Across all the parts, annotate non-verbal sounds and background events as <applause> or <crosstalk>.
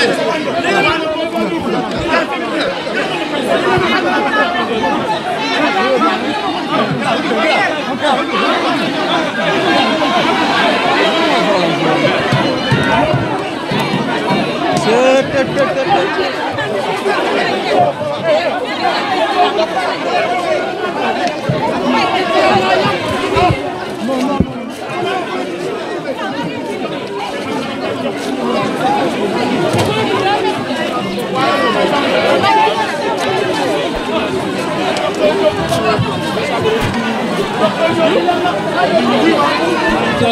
Amen.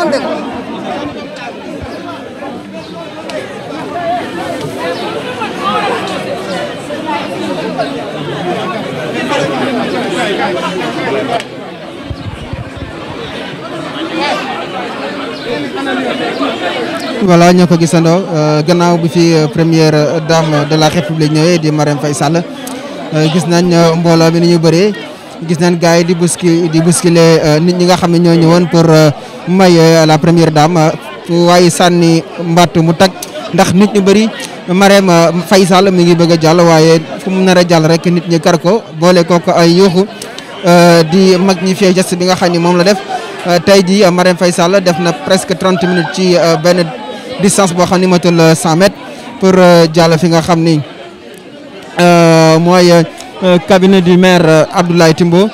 Seconde ñoo ko gisandoo euh, gannaaw bi fi euh, première euh, dame de la république ñëwee di Marème Faye Sall gis nañ mbooloo mi ni ñu bëree gis nañ gars yi di buski di bousculer nit ñi nga xam ne ñoo ñëwoon pour. may euh, la première dame euh, waaye sànni mbatt mu tag ndax nit ñu bëri Marème euh, Faye Sall mi ngi bëgg a jàll waaye fu mu nar a jàll rek nit ñi kar ko boole kooku ay yuuxu di mag ñi fee geste bi nga xam ni moom la def tey ji Marème Faye Sall def na presque trente minutes ci benn distance boo xam ni matul 100 pour jàll fi nga xam ni mooy cabinet du maire Abdoulaye Timbo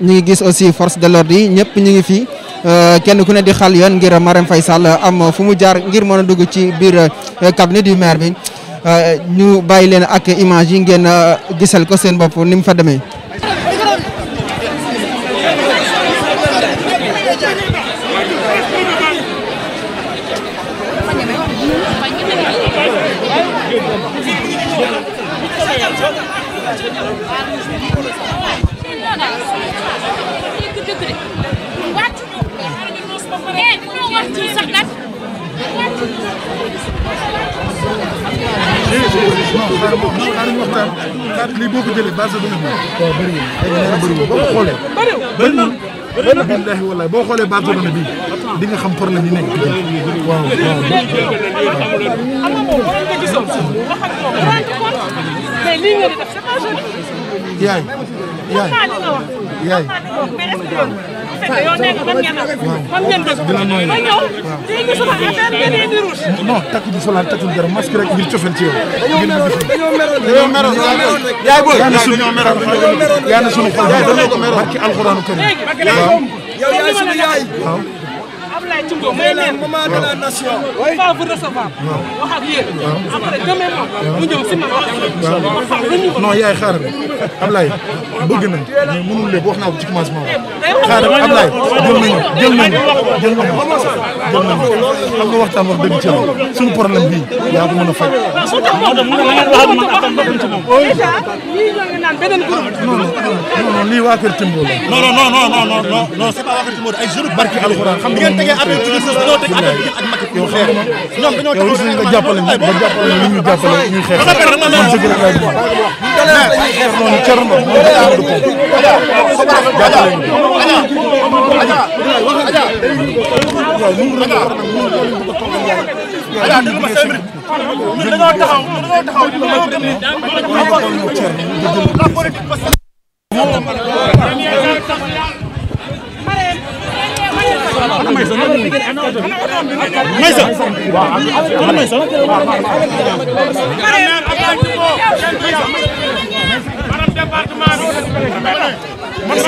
ñu ngi gis aussi force de l'ordre yi ñu ngi fi. Euh, kenn ku ne di xal yoon ngir Marème fay Sall am fu mu jaar ngir mën a dugg ci biir euh, cabinet du maire bi euh, ñu bàyyi leen ak image yi ngeen gisal ko seen bopp ni mu fa demee. base bi nga xam ne. bëriwul boo ko xoolee. bëriwul bëriwul billaahi wallaahi boo xoolee base zone bi di nga xam problème yi nekk bi. waaw waaw. yaay yaay. yaay. fekk yow nekk man ngeen am man ngeen dëkk ma ñëw tey gisuma affaire bi nii di ruus non takk di solaan takkul dara masque rek ngir cofeel ci yow dañoo meroon dañoo meroon yaay booy dañoo meroon yaa na sunu xol barki alxuraanu karim yow yaay sunu yaay mais nag moment de la nation. waaw vous recevoir. wax ak yéen. après demee moom. mu ñëw si man wax ak yéen. non yaay xaaral Ablaye bëgg nañ mais mënul lépp wax naa ko ci commencement bi. xaaral Ablaye jël nañu jël nañu jël nañu jël nañu xam nga waxtaan wax dëgg ci la suñu problème bii yaa ko mën a faj. non non lii waa Kër Timbo la. non non non non non non c'est pas waa Kër Timbo ay jeunes barki alxuraan xam nga ngeen tegee nga jàppale ñu ba jàppale ñu ñu jàppale ñuy xeex man dëgg rek laay bu mais xeex noonu cër na moom dafa ànd ko jàppale ñu waaw ñu ngi rek war na ñu ngi ko toogal yàlla ñu ngi seen ñun dañoo taxaw dañoo taxaw dañoo dem ni la politique parce que Maysa Marème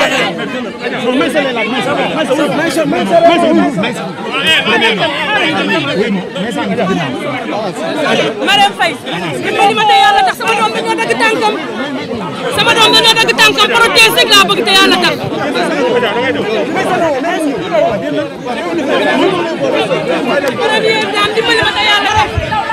Faye dimbali ma te yàlla tax sama doom bi ñoo dagg tànkam sama doom bi ñoo dagg tànkam protège rek laa bëgg te yàlla tax premier dame dimbali ma te yàlla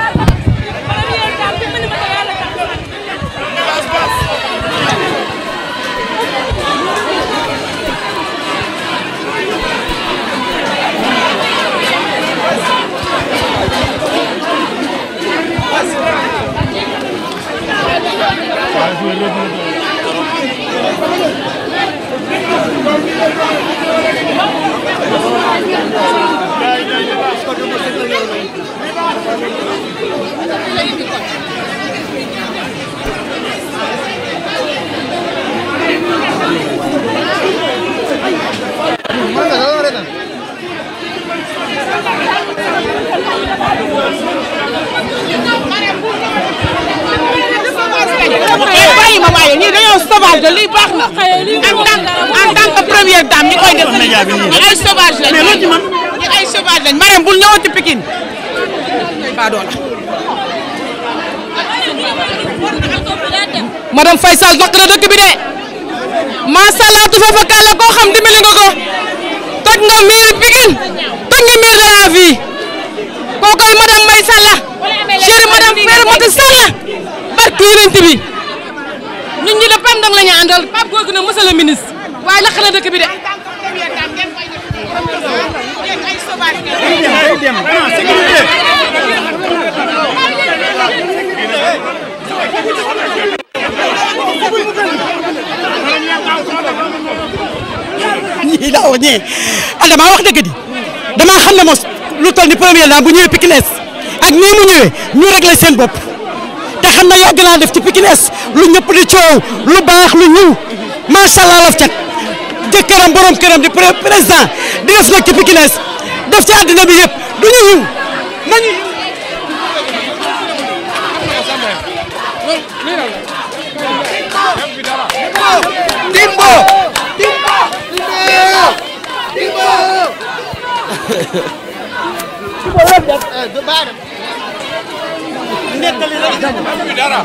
bàyyi ma waaye ñii dañoo lii baax na en tant en tant que koy def ñu ay sauvage lañ ñu ay sauvage lañ Marème bul ñëwoon de macha allah tu fa koo xam dimbali nga ko toj nga miir Pikine toj nga miir de la vie kooku May Sall chérie madame Faye Mati Sall barke yonent bi ñun ñi de PAM dong la ñu àndal Pape googu nag monsieur le ministre wax lakk dëkk daa di damaa xam ne mos lu toll ni premier daan bu ñëwee Pikines ak nii mu ñëwee ñu réglé seen bopp. xam na yàgg naa def ci Pikine Est lu ñëpp di coow lu baax lu ñëw macha allah laf cat jëkkëram borom këram di président di def nag ci Pikine Est def ci àddina bi yëpp du ñu yiw nañu Dimbo Dimbo Dimbo <laughs> Alex,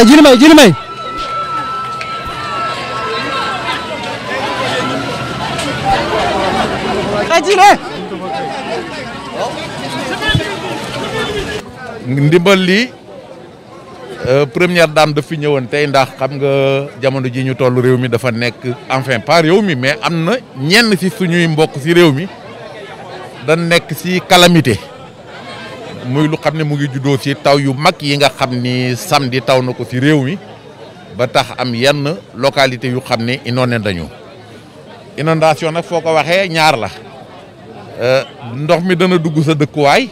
may jili may jili may ndimbal lii euh, première dame daf fi ñëwoon tey ndax xam nga jamono ji ñu toll réew mi dafa nekk enfin pas réew mi mais am na ñenn ci suñuy mbokk ci réew mi da nekk ci calamité muy lu xam ne mu ngi juddoo ci taw yu mag yi nga xam ni samedi taw na ko ci réew mi ba tax am yenn localité yu xam ne ne nañu inondation nag foo ko waxee ñaar la euh, ndox mi dana dugg sa dëkkuwaay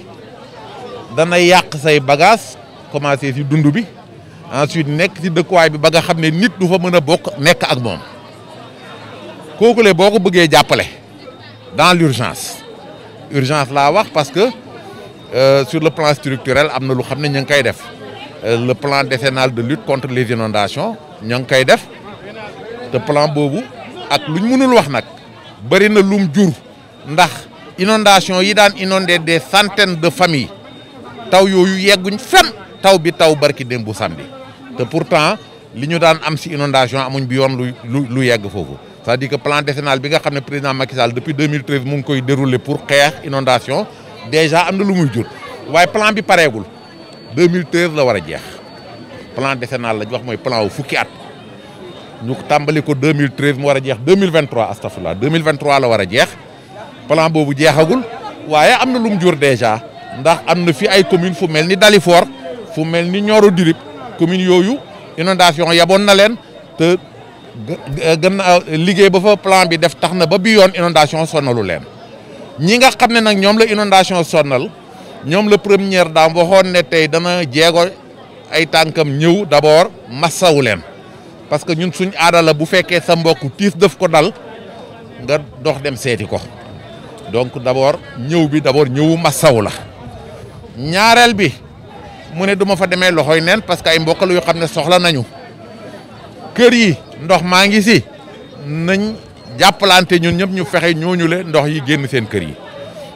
dana yàq say bagage commencé ci dund bi ensuite nekk ci dëkkuwaay bi ba nga xam ne nit du fa mën a bokk nekk ak moom kooku le boo ko bëggee jàppale dans l'urgence urgence laa wax Euh, sur le plan structurel am na lu xam ne ñu ngi koy def euh, le plan décennal de lutte contre les inondations ñu ngi koy def te plan boobu ak lu ñu mënul wax nag bëri na lum jur ndax inondation yi daan inondé des centaines de famille taw yooyu yegguñ fenn taw bi taw barki démbu samedi te pourtant li ñu daan am si inondation amuñ bi yoon lu lu lu yegg foofu c'est-à-dire que plan décennal bi nga xam ne président Macky depuis mu ngi koy déroulé pour xeex inondation déjà am na lu muy jur waaye plan bi pareegul 2013 la war a jeex plan décennal la ñu wax mooy plan wu fukki at ñu tàmbali ko 2013 mu war a jeex 2023 astafurlah 2023 la war a jeex plan boobu jeexagul waaye am na lu mu jur déjà ndax am na fi ay commune fu mel ni Dalifort fu mel ni Nioro du Rip commune yooyu inondation yaboon na leen te gën liggéey ba fa plan bi def tax na ba bi yoon inondation sonalu leen ñi nga xam ne nag ñoom la inondation sonnal ñoom la première dame waxoon ne tey dana jeego ay tànkam ñëw d'abord massawu leen parce que ñun suñ aada bu fekkee sa mbokk tiis def ko dal nga dox dem seeti ko donc d'abord ñëw bi d'abord ñëwu massawu la ñaareel bi mu ne duma fa demee loxoy neen parce que ay mbokk la yoo xam ne soxla nañu kër yi ndox maa ngi si nañ jàppalante ñun ñëpp ñu fexe ñooñu le ndox yi génn seen kër yi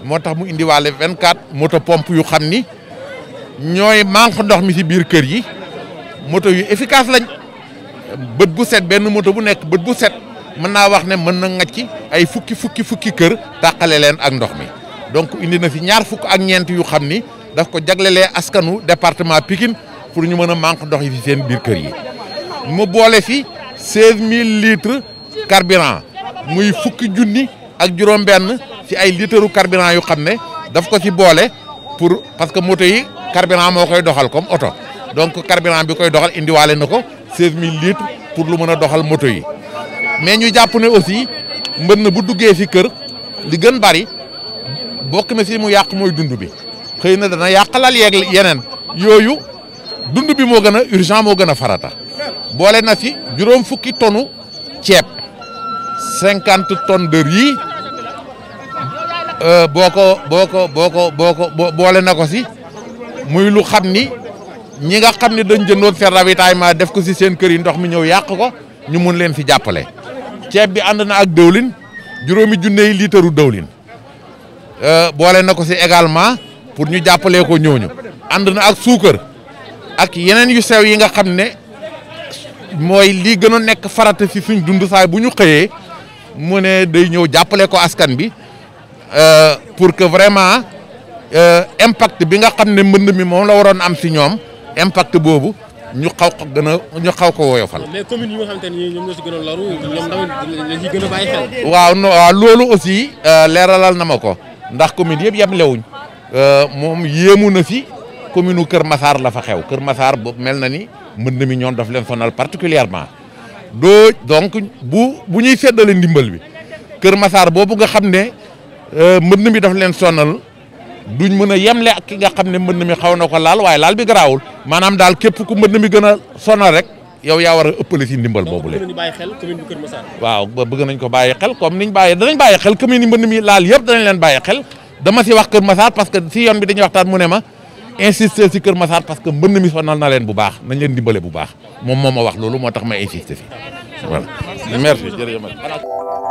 moo tax mu indiwaale vingt 24 moto pomp yu xam ni ñooy manque ndox mi ci biir kër yi moto yu efficace lañ bët bu set benn moto bu nekk bët bu set mën naa wax ne mën na ŋacc ay fukki fukki fukki kër tàqale leen ak ndox mi donc indi na fi ñaar fukk ak ñeent yu xam ni daf ko jaglelee askanu département Pikine pour ñu mën a manque ndox yi ci seen biir kër yi mu boole fi 16000 litres carburant muy fukki junni ak juróom-benn ci ay litre carburant yu xam ne daf ko ci boole pour parce que moto yi carburant moo koy doxal comme oto donc carburant bi koy doxal indiwaale na ko 16000 litres pour lu mën a doxal moto yi mais ñuy jàpp ne aussi mbënn bu duggee ci kër li gën bari bokk na ci mu yàq mooy dund bi xëy na dana yàqalal yeeg yeneen yooyu dund bi moo gën a urgent moo gën a farata boole na ci juróom fukki tonu cinquante tonnes de yii euh, boo ko boo ko boo ko boo ko boole na ko si muy lu xam ni ñi nga xam ne dañ jëndoon seen ravitaillement def ko si seen kër yi ndox mi ñëw yàq ko ñu mun leen fi jàppale. ceeb bi ànd na ak dëwlin juróomi junne yi liitaru dëwlin euh, boole na ko si également pour ñu jàppale ko ñooñu. ànd na ak suukar ak yeneen yu sew yi nga xam ne mooy lii gën a nekk farata si suñ dund saay bu ñu xëyee. mu ne day ñëw jàppale ko askan bi euh, pour que vraiment euh, impact bi nga xam ne mbënd mi moom la waroon am si ñoom impact boobu ñu xaw ko gën a ñu xaw ko woyofal. mais commune yi si gën a laru waaw non loolu aussi euh, leeralal na ma ko ndax commune yëpp yemlewuñ moom yéemu na fi commune Kër masaar la fa xew Kër masaar boobu mel na ni mbënd mi ñoom daf leen sonal particulièrement doo donc bu bu ñuy seddale ndimbal bi Kër Masaar boobu nga xam ne euh, mbënn mi daf leen sonal duñ mën a yemle ak ki nga xam ne mbënn mi xaw na ko laal waaye laal bi garaawul maanaam daal képp ku mbënn mi gën a sonal rek yow yaa war a ëppale si ndimbal boobu la waaw bëgg nañ ko bàyyi xel comme niñ bàyyi danañ bàyyi xel commune yi mbënn mi laal yëpp danañ leen bàyyi xel dama si wax Kër Masaar parce que si yoon bi dañu waxtaan mu ne ma insister ci Kër Massar parce que mbënn mi sonal na leen bu baax nañ leen dimbale bu baax moom moo ma wax loolu moo tax ma insister fi voilà merci